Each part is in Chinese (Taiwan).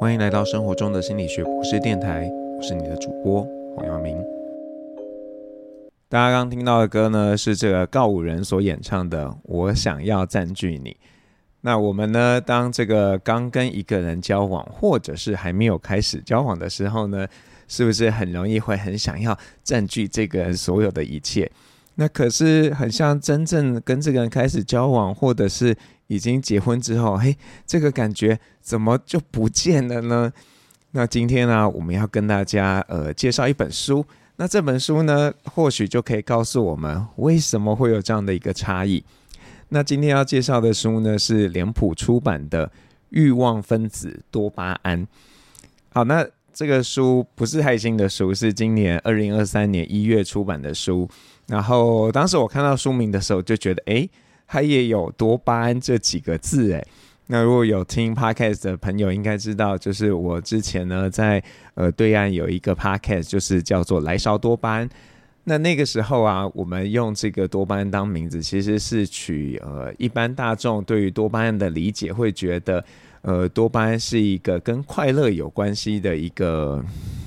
歡迎來到生活中的心理學博士電台，我是你的主播黃揚名。大家剛聽到的歌呢，是這個告五人所演唱的《我想要佔據你》。那我們呢，當這個剛跟一個人交往，或者是還沒有開始交往的時候呢，是不是很容易會很想要佔據這個人所有的一切？那可是很像真正跟這個人開始交往，或者是，已經結婚之後，嘿，這個感覺怎麼就不見了呢？那今天呢，啊，我們要跟大家呃介紹一本書。那這本書呢，或許就可以告訴我們為什麼會有這樣的一個差異。那今天要介紹的書呢，是臉譜出版的《慾望分子：多巴胺》。好，那這個書不是太新的書，是今年二零二三年一月出版的書。然後當時我看到書名的時候，就覺得哎，誒它也有多巴胺這幾個字誒，那如果有聽 podcast 的朋友應該知道，就是我之前呢在呃對岸有一個 podcast，就是叫做“來勺多巴胺”。那那個時候啊，我們用這個多巴胺當名字，其實是取呃一般大眾對於多巴胺的理解，會覺得呃多巴胺是一個跟快樂有關係的一個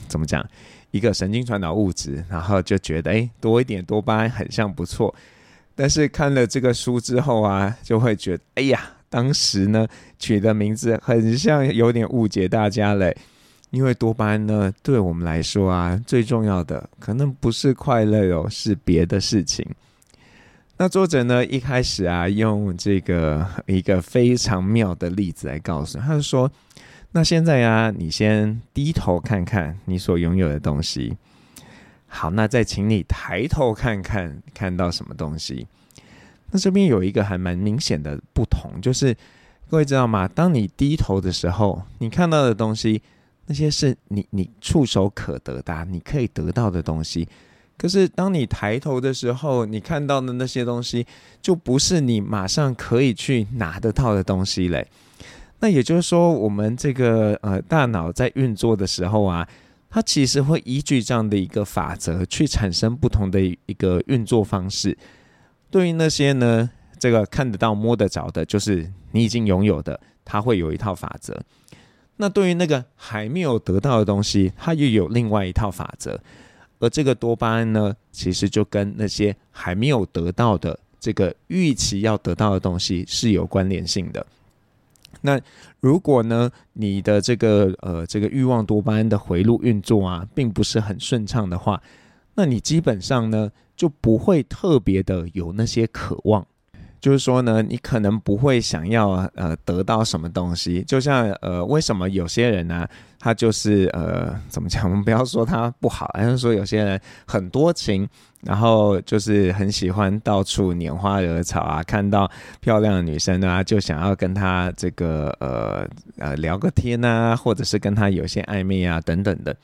怎麼講？一個神經傳導物質，然後就覺得哎多一點多巴胺很像不錯。但是看了這個書之後啊，就會覺得，哎呀，當時呢取的名字很像有點誤解大家了，因為多巴胺呢對我們來說啊，最重要的可能不是快樂哦，是別的事情。那作者呢一開始啊，用這個一個非常妙的例子來告訴，他就說，那現在啊，你先低頭看看你所擁有的東西。好，那再請你抬頭看看，看到什麼東西？那這邊有一個還蠻明顯的不同，就是各位知道嗎？當你低頭的時候，你看到的東西，那些是你你觸手可得的，你可以得到的東西。可是當你抬頭的時候，你看到的那些東西，就不是你馬上可以去拿得到的東西嘞。那也就是說，我們這個呃大腦在運作的時候啊。它其實會依據這樣的一個法則去產生不同的一個運作方式。對於那些呢，這個看得到摸得着的，就是你已經擁有的，它會有一套法則。那對於那個還沒有得到的東西，它又有另外一套法則。而這個多巴胺呢，其實就跟那些還沒有得到的，這個預期要得到的東西是有關聯性的。那如果呢，你的這個呃這個欲望多巴胺的回路運作啊，並不是很順暢的話，那你基本上呢，就不會特別的有那些渴望。就是說呢，你可能不會想要呃得到什麼東西，就像呃為什麼有些人呢、啊，他就是呃怎麼講？我們不要說他不好，而是說有些人很多情，然後就是很喜歡到處拈花惹草啊，看到漂亮的女生啊，就想要跟他這個呃呃聊個天吶、啊，或者是跟他有些曖昧啊等等的。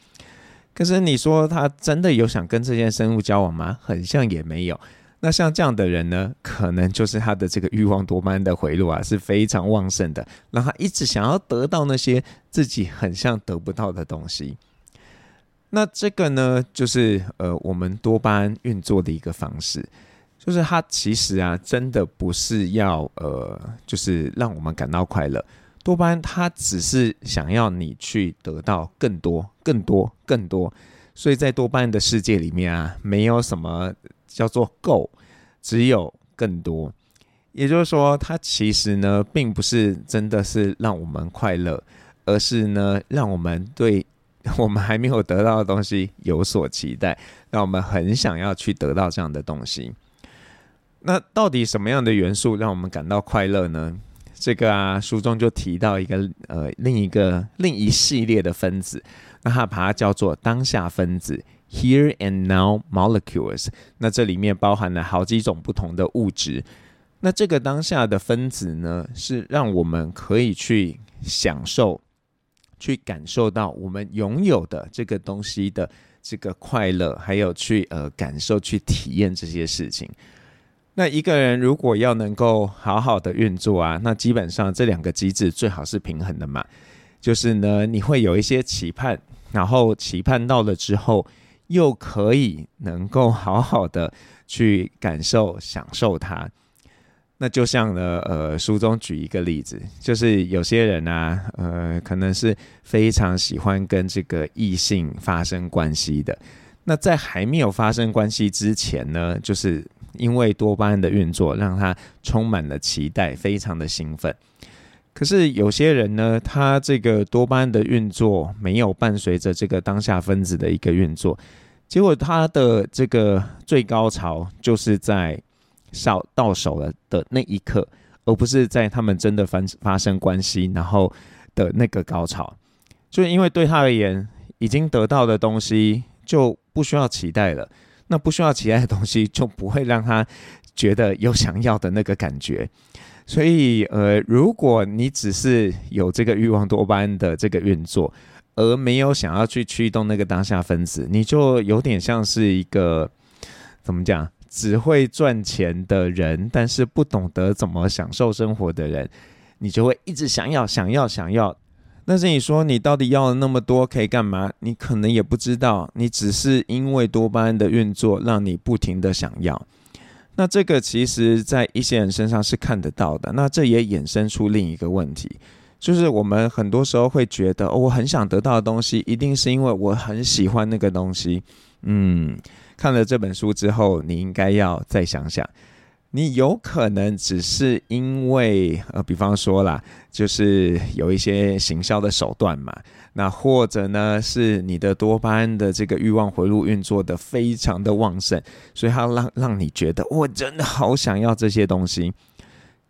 可是你說他真的有想跟這些生物交往嗎？很像也沒有。那像這樣的人呢，可能就是他的這個慾望多巴胺的回路啊是非常旺盛的，然後他一直想要得到那些自己很像得不到的東西。那這個呢，就是呃，我們多巴胺運作的一個方式，就是他其實啊，真的不是要呃，就是讓我們感到快樂。多巴胺它只是想要你去得到更多、更多、更多。所以在多巴胺的世界裡面啊，沒有什麼。叫做夠，只有更多，也就是說，它其實呢，並不是真的是讓我們快樂，而是呢，讓我們對我們還沒有得到的東西有所期待，讓我們很想要去得到這樣的東西。那到底什麼樣的元素讓我們感到快樂呢？這個啊，書中就提到一個呃，另一個另一系列的分子，那它把它叫做當下分子。Here and now molecules，那這裡面包含了好幾種不同的物質。那這個當下的分子呢，是讓我們可以去享受、去感受到我們擁有的這個東西的這個快樂，還有去呃感受、去體驗這些事情。那一個人如果要能夠好好的運作啊，那基本上這兩個機制最好是平衡的嘛。就是呢，你會有一些期盼，然後期盼到了之後，又可以能夠好好的去感受、享受它。那就像呢，呃，書中舉一個例子，就是有些人呢、啊，呃，可能是非常喜歡跟這個異性發生關係的。那在還沒有發生關係之前呢，就是因為多巴胺的運作，讓他充滿了期待，非常的興奮。可是有些人呢，他這個多巴胺的運作沒有伴隨着這個當下分子的一個運作，結果他的這個最高潮就是在少到手了的那一刻，而不是在他們真的發生關係然後的那個高潮。就是因為對他而言，已經得到的東西就不需要期待了，那不需要期待的東西就不會讓他覺得有想要的那個感覺。所以，呃，如果你只是有這個慾望多巴胺的這個運作，而沒有想要去驅動那個當下分子，你就有點像是一個怎麼講，只會賺錢的人，但是不懂得怎麼享受生活的人，你就會一直想要，想要，想要。但是你說你到底要了那麼多可以幹嘛？你可能也不知道，你只是因為多巴胺的運作讓你不停地想要。那這個其實在一些人身上是看得到的，那這也衍生出另一個問題，就是我們很多時候會覺得，哦，我很想得到的東西，一定是因為我很喜歡那個東西。嗯，看了這本書之後，你應該要再想想。你有可能只是因為呃，比方說啦，就是有一些行銷的手段嘛，那或者呢是你的多巴胺的這個欲望回路運作得非常的旺盛，所以它讓讓你覺得我、哦、真的好想要這些東西。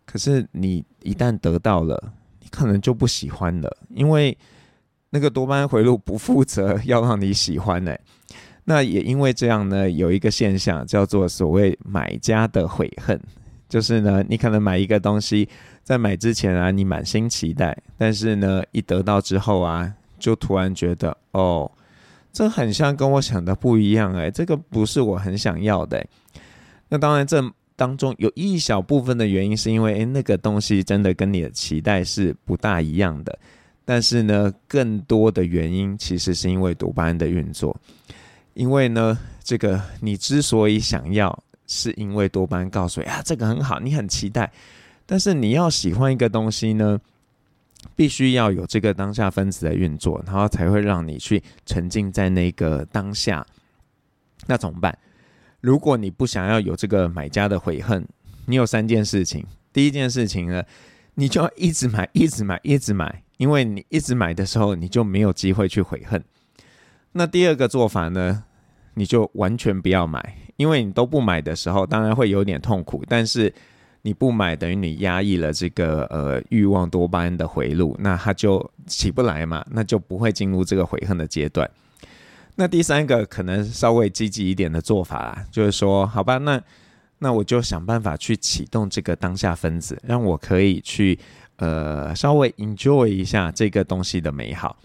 可是你一旦得到了，你可能就不喜歡了，因為那個多巴胺回路不負責要讓你喜歡的、欸。那也因為這樣呢，有一個現象叫做所謂買家的悔恨，就是呢，你可能買一個東西，在買之前啊，你滿心期待，但是呢，一得到之後啊，就突然覺得哦，這很像跟我想的不一樣哎、欸，這個不是我很想要的、欸。那當然，這當中有一小部分的原因是因為、欸、那個東西真的跟你的期待是不大一樣的，但是呢，更多的原因其實是因為多巴胺的運作。因為呢，這個你之所以想要，是因為多巴胺告訴你啊，這個很好，你很期待。但是你要喜歡一個東西呢，必須要有這個當下分子的運作，然後才會讓你去沉浸在那個當下。那怎麼辦？如果你不想要有這個買家的悔恨，你有三件事情。第一件事情呢，你就要一直買，一直買，一直買，因為你一直買的時候，你就沒有機會去悔恨。那第二個做法呢，你就完全不要買，因為你都不買的時候，當然會有點痛苦。但是你不買等於你壓抑了這個呃慾望多巴胺的回路，那它就起不來嘛，那就不會進入這個悔恨的階段。那第三個可能稍微積極一點的做法啦，就是說，好吧，那那我就想辦法去啟動這個當下分子，讓我可以去呃稍微 enjoy 一下這個東西的美好。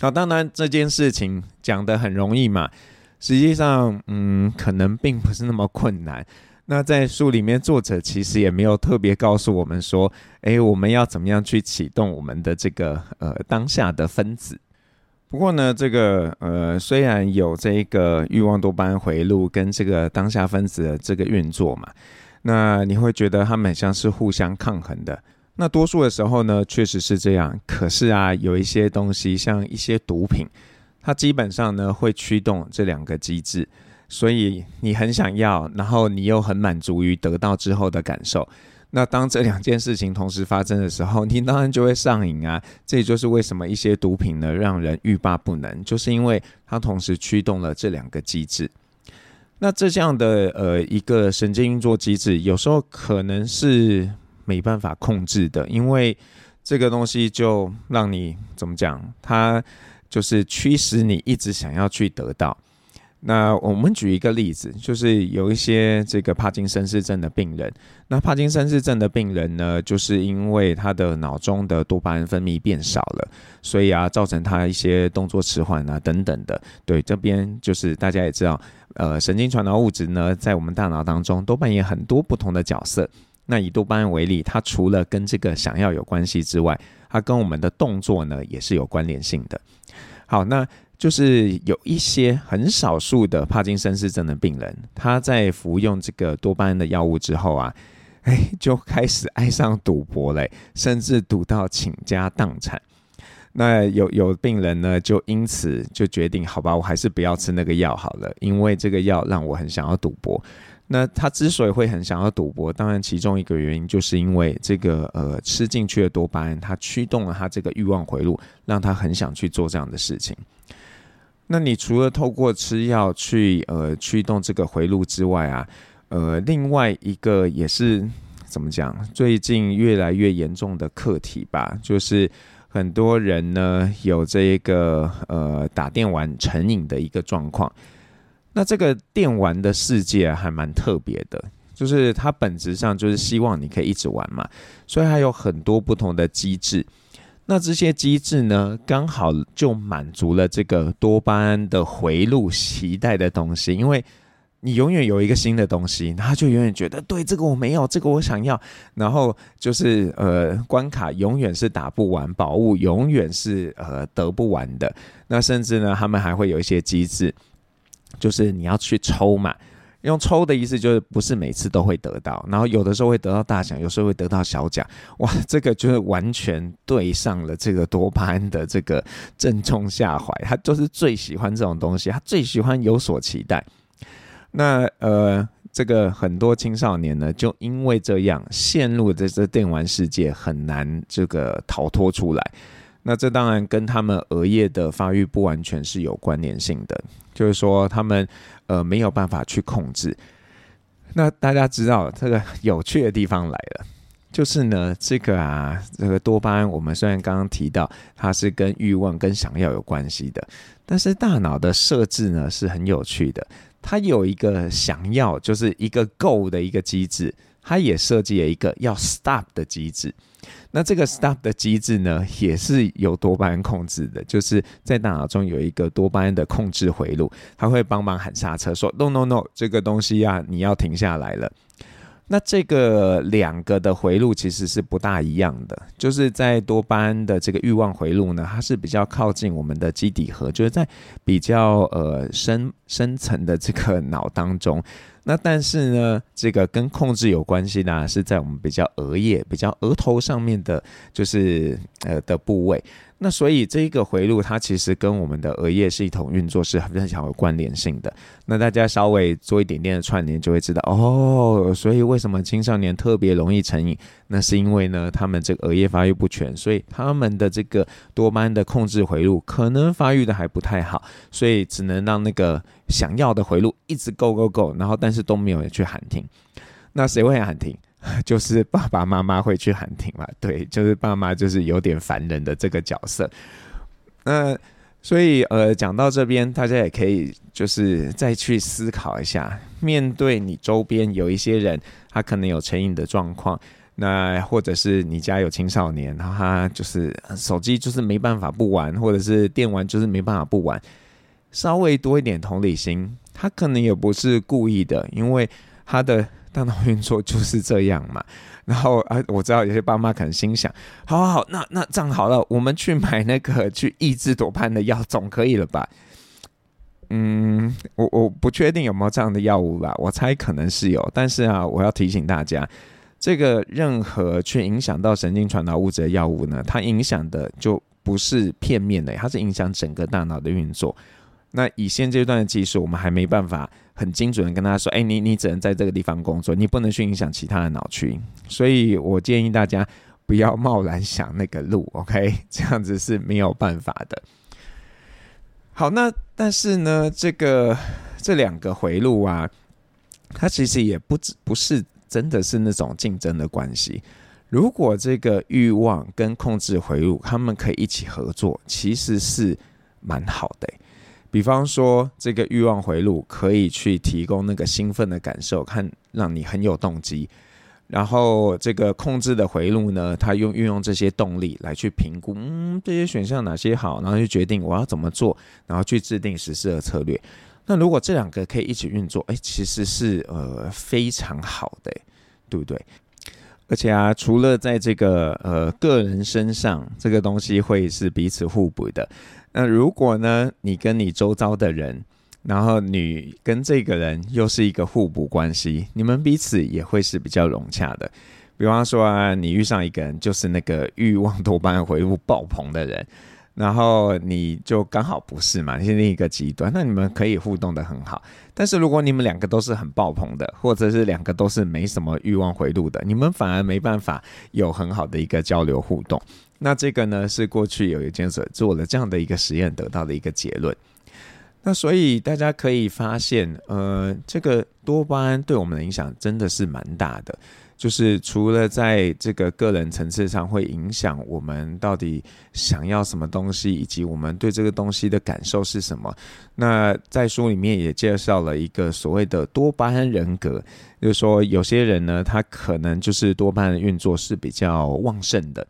好，當然這件事情講得很容易嘛。實際上，嗯，可能並不是那麼困難。那在書裡面，作者其實也沒有特別告訴我們說，哎，我們要怎麼樣去啟動我們的這個呃當下的分子。不過呢，這個呃雖然有這個慾望多巴胺回路跟這個當下分子的這個運作嘛，那你會覺得它們很像是互相抗衡的。那多數的時候呢，確實是這樣。可是啊，有一些東西，像一些毒品。它基本上呢會驅動這兩個機製，所以你很想要，然後你又很滿足於得到之後的感受。那當這兩件事情同時發生的時候，你當然就會上癮啊。這也就是為什麼一些毒品呢讓人欲罷不能，就是因為它同時驅動了這兩個機製。那這樣的呃一個神經運作機製，有時候可能是沒辦法控製的，因為這個東西就讓你怎麼講它。就是驅使你一直想要去得到。那我們舉一個例子，就是有一些這個帕金森氏症的病人。那帕金森氏症的病人呢，就是因為他的腦中的多巴胺分泌變少了，所以啊，造成他一些動作遲緩啊等等的。對，這邊就是大家也知道，呃，神經傳導物質呢，在我們大腦當中都扮演很多不同的角色。那以多巴胺為例，它除了跟這個想要有關係之外，它跟我們的動作呢，也是有關聯性的。好，那就是有一些很少數的帕金森氏症的病人，他在服用這個多巴胺的藥物之後啊，哎，就開始愛上賭博嘞，甚至賭到傾家蕩產。那有有病人呢，就因此就決定，好吧，我還是不要吃那個藥好了，因為這個藥讓我很想要賭博。那他之所以會很想要賭博，當然其中一個原因就是因為這個呃吃進去的多巴胺，它驅動了他這個慾望回路，讓他很想去做這樣的事情。那你除了透過吃藥去呃驅動這個回路之外啊，呃另外一個也是怎麼講？最近越來越嚴重的課題吧，就是很多人呢有這一個呃打電玩成癮的一個狀況。那這個電玩的世界還蠻特別的，就是它本質上就是希望你可以一直玩嘛，所以還有很多不同的機制。那這些機制呢，剛好就滿足了這個多巴胺的回路期待的東西，因為你永遠有一個新的東西，他就永遠覺得對這個我沒有，這個我想要。然後就是呃，關卡永遠是打不完，寶物永遠是呃得不完的。那甚至呢，他們還會有一些機制，就是你要去抽嘛，用抽的意思就是不是每次都會得到，然後有的時候會得到大獎，有時候會得到小獎，哇，這個就是完全對上了這個多巴胺的這個正中下懷，他就是最喜歡這種東西，他最喜歡有所期待。那呃，這個很多青少年呢，就因為這樣陷入這這電玩世界，很難這個逃脫出來。那這當然跟他們額葉的發育不完全是有關聯性的，就是說他們呃沒有辦法去控制。那大家知道這個有趣的地方來了，就是呢這個啊這個多巴胺，我們雖然剛剛提到它是跟慾望跟想要有關係的，但是大腦的設置呢是很有趣的，它有一個想要，就是一個 go 的一個機制，它也設計了一個要 stop 的機制。那這個 stop 的機制呢，也是由多巴胺控制的，就是在大腦中有一個多巴胺的控制回路，它會幫忙喊剎車，說 no no no，這個東西呀，你要停下來了。那這個兩個的回路其實是不大一樣的，就是在多巴胺的這個慾望迴路呢，它是比較靠近我們的基底核，就是在比較呃深深層的這個腦當中。那但是呢，這個跟控制有關係呢，啊，是在我們比較額葉、比較額頭上面的，就是呃的部位。那所以這一個回路，它其實跟我們的額葉系統運作是非常強有關聯性的。那大家稍微做一點點的串聯，就會知道哦。所以為什麼青少年特別容易成癮？那是因為呢，他們這個額葉發育不全，所以他們的這個多巴胺的控制回路可能發育的還不太好，所以只能讓那個想要的回路一直 go go go，然後但是都沒有人去喊停。那誰會喊停？就是爸爸媽媽會去喊停嘛？對，就是爸媽就是有點煩人的這個角色，呃。那所以呃，講到這邊，大家也可以就是再去思考一下，面對你周邊有一些人，他可能有成癮的狀況，那或者是你家有青少年，他就是手機就是沒辦法不玩，或者是電玩就是沒辦法不玩，稍微多一點同理心，他可能也不是故意的，因為他的。大腦運作就是這樣嘛，然後啊，我知道有些爸媽可能心想，好好好，那那這樣好了，我們去買那個去抑制多巴胺的藥，總可以了吧？嗯，我我不確定有沒有這樣的藥物吧，我猜可能是有，但是啊，我要提醒大家，這個任何去影響到神經傳導物質的藥物呢，它影響的就不是片面的，它是影響整個大腦的運作。那以現階段的技術，我們還沒辦法。很精準的跟他說：“哎、欸，你你只能在這個地方工作，你不能去影響其他的腦區。”所以，我建議大家不要貿然想那個路，OK？這樣子是沒有辦法的。好，那但是呢，這個這兩個回路啊，它其實也不只不是真的是那種競爭的關係。如果這個欲望跟控制回路，他們可以一起合作，其實是蠻好的、欸。比方說，這個欲望回路可以去提供那個興奮的感受，看讓你很有動機。然後這個控制的回路呢，它用運用這些動力來去評估，嗯，這些選項哪些好，然後就決定我要怎麼做，然後去制定實施的策略。那如果這兩個可以一起運作，誒，其實是呃非常好的，對不對？而且啊，除了在這個呃個人身上，這個東西會是彼此互補的。那如果呢，你跟你周遭的人，然後你跟這個人又是一個互補關係，你們彼此也會是比較融洽的。比方說啊，你遇上一個人就是那個欲望多巴回路爆棚的人，然後你就剛好不是嘛，你是另一個極端，那你們可以互動得很好。但是如果你們兩個都是很爆棚的，或者是兩個都是沒什麼欲望回路的，你們反而沒辦法有很好的一個交流互動。那這個呢，是過去有一件事做了這樣的一個實驗，得到的一個結論。那所以大家可以發現，呃，這個多巴胺對我們的影響真的是蠻大的。就是除了在這個個人層次上，會影響我們到底想要什麼東西，以及我們對這個東西的感受是什麼。那在書裡面也介紹了一個所謂的多巴胺人格，就是說有些人呢，他可能就是多巴胺的運作是比較旺盛的。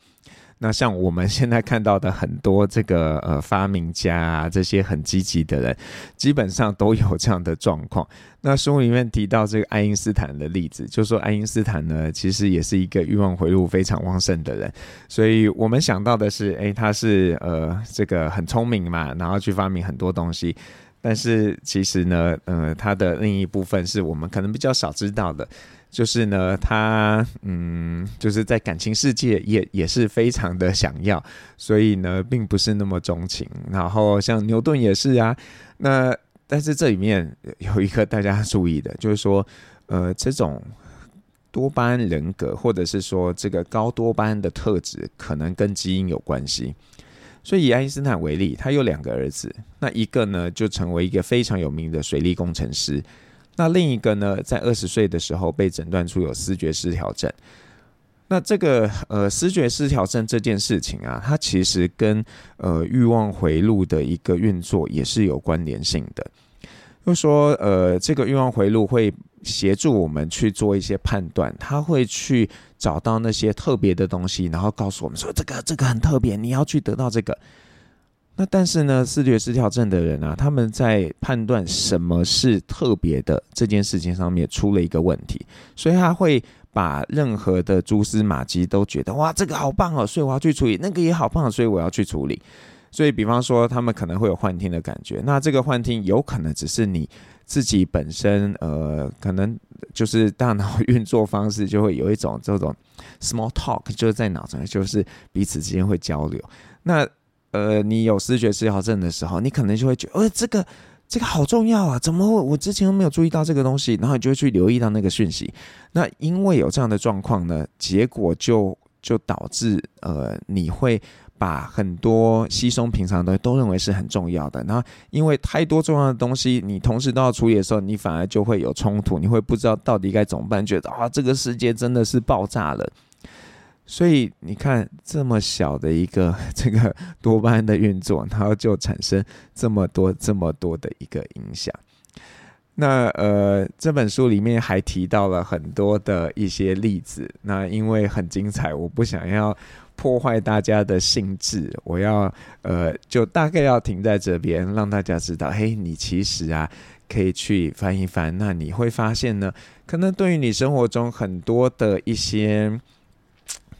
那像我們現在看到的很多這個呃發明家啊，這些很積極的人，基本上都有這樣的狀況。那書裡面提到這個愛因斯坦的例子，就說愛因斯坦呢，其實也是一個欲望回路非常旺盛的人。所以我們想到的是，哎，他是呃這個很聰明嘛，然後去發明很多東西。但是其實呢，呃，他的另一部分是我們可能比較少知道的。就是呢，他嗯，就是在感情世界也也是非常的想要，所以呢，並不是那麼鍾情。然後像牛頓也是啊，那但是這裡面有一個大家注意的，就是說，呃，這種多巴胺人格或者是說這個高多巴胺的特質，可能跟基因有關係。所以以愛因斯坦為例，他有兩個兒子，那一個呢就成為一個非常有名的水利工程師。那另一個呢，在二十歲的時候被診斷出有思覺失調症。那這個呃，思覺失調症這件事情啊，它其實跟呃欲望回路的一個運作也是有關聯性的。就說呃，這個欲望回路會協助我們去做一些判斷，它會去找到那些特別的東西，然後告訴我們說：“這個這個很特別，你要去得到這個。”那但是呢，思覺失調症的人啊，他們在判斷什麼是特別的這件事情上面出了一個問題，所以他會把任何的蛛絲馬跡都覺得哇，這個好棒哦，所以我要去處理；那個也好棒哦，所以我要去處理。所以，比方說，他們可能會有幻聽的感覺。那這個幻聽有可能只是你自己本身，呃，可能就是大腦運作方式就會有一種這種 small talk，就是在腦中就是彼此之間會交流。那。呃，你有思覺失調症的時候，你可能就會覺得，呃、哦、這個這個好重要啊，怎麼我之前都沒有注意到這個東西？然後你就會去留意到那個訊息。那因為有這樣的狀況呢，結果就就導致呃，你會把很多稀鬆平常的東西都認為是很重要的。然後因為太多重要的東西，你同時都要處理的時候，你反而就會有衝突，你會不知道到底該怎麼辦，覺得啊，這個世界真的是爆炸了。所以你看，這麼小的一個這個多巴胺的運作，然後就產生這麼多這麼多的一個影響。那呃，這本書裡面還提到了很多的一些例子。那因為很精彩，我不想要破壞大家的興致，我要呃，就大概要停在這邊，讓大家知道，嘿，你其實啊，可以去翻一翻，那你會發現呢，可能對於你生活中很多的一些。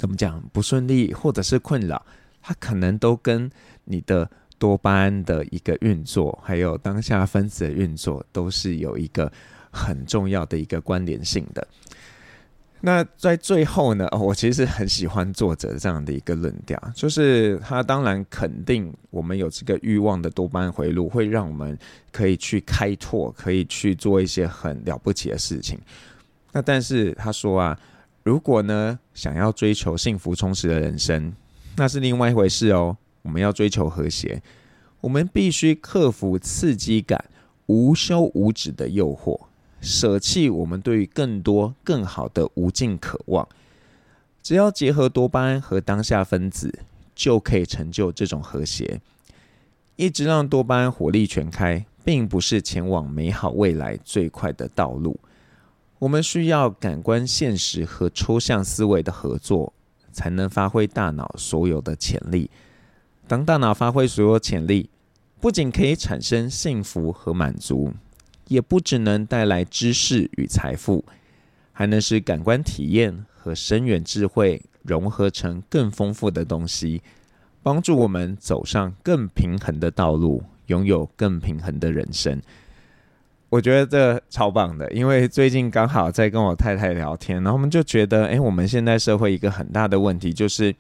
怎麼講不順利，或者是困擾，它可能都跟你的多巴胺的一個運作，還有當下分子的運作，都是有一個很重要的一個關聯性的。那在最後呢，我其實很喜歡作者這樣的一個論調，就是他當然肯定我們有這個慾望的多巴胺回路，會讓我們可以去開拓，可以去做一些很了不起的事情。那但是他說啊。如果呢，想要追求幸福充實的人生，那是另外一回事哦。我們要追求和諧，我們必須克服刺激感、無休無止的誘惑，捨棄我們對於更多更好的無盡渴望。只要結合多巴胺和當下分子，就可以成就這種和諧。一直讓多巴胺火力全開，並不是前往美好未來最快的道路。我們需要感官現實和抽象思維的合作，才能發揮大腦所有的潛力。當大腦發揮所有潛力，不僅可以產生幸福和滿足，也不只能帶來知識與財富，還能使感官體驗和深遠智慧融合成更豐富的東西，幫助我們走上更平衡的道路，擁有更平衡的人生。我覺得這超棒的，因為最近剛好在跟我太太聊天，然後我們就覺得，哎、欸，我們現代社會一個很大的問題就是，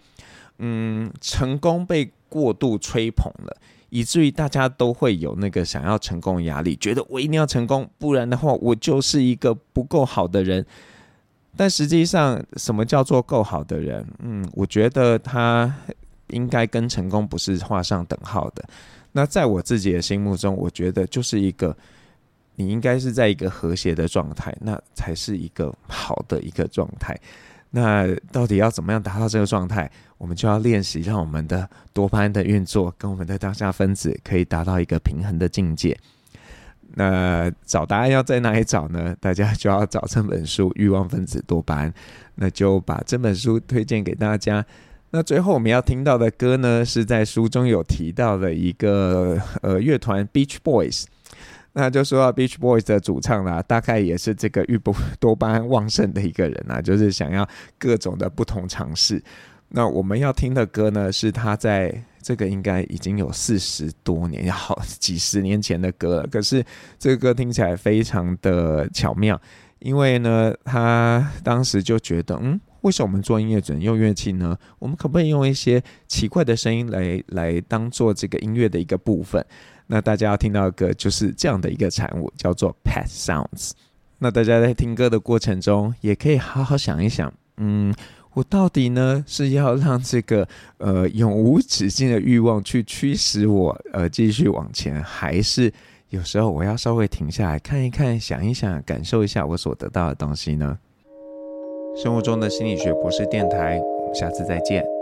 嗯，成功被過度吹捧了，以至於大家都會有那個想要成功的壓力，覺得我一定要成功，不然的話我就是一個不夠好的人。但實際上，什麼叫做夠好的人？嗯，我覺得他應該跟成功不是畫上等號的。那在我自己的心目中，我覺得就是一個。你應該是在一個和諧的狀態，那才是一個好的一個狀態。那到底要怎麼樣達到這個狀態？我們就要練習讓我們的多巴胺的運作跟我們的當下分子可以達到一個平衡的境界。那找答案要在哪裡找呢？大家就要找這本書《欲望分子多巴胺》，那就把這本書推薦給大家。那最後我們要聽到的歌呢，是在書中有提到的一個呃樂團 Beach Boys。那就說、啊、，Beach Boys 的主唱啦，大概也是這個欲不多巴胺旺盛的一個人啦，就是想要各種的不同嘗試。那我們要聽的歌呢，是他在這個應該已經有四十多年，要好幾十年前的歌了。可是這個歌聽起來非常的巧妙，因為呢，他當時就覺得，嗯，為什麼我們做音樂只能用樂器呢？我們可不可以用一些奇怪的聲音來來當做這個音樂的一個部分？那大家要聽到的歌就是這樣的一個產物，叫做 Pet Sounds。那大家在聽歌的過程中，也可以好好想一想，嗯，我到底呢是要讓這個呃永無止境的欲望去驅使我呃繼續往前，還是有時候我要稍微停下來看一看、想一想、感受一下我所得到的東西呢？生活中的心理學不是電台，我們下次再見。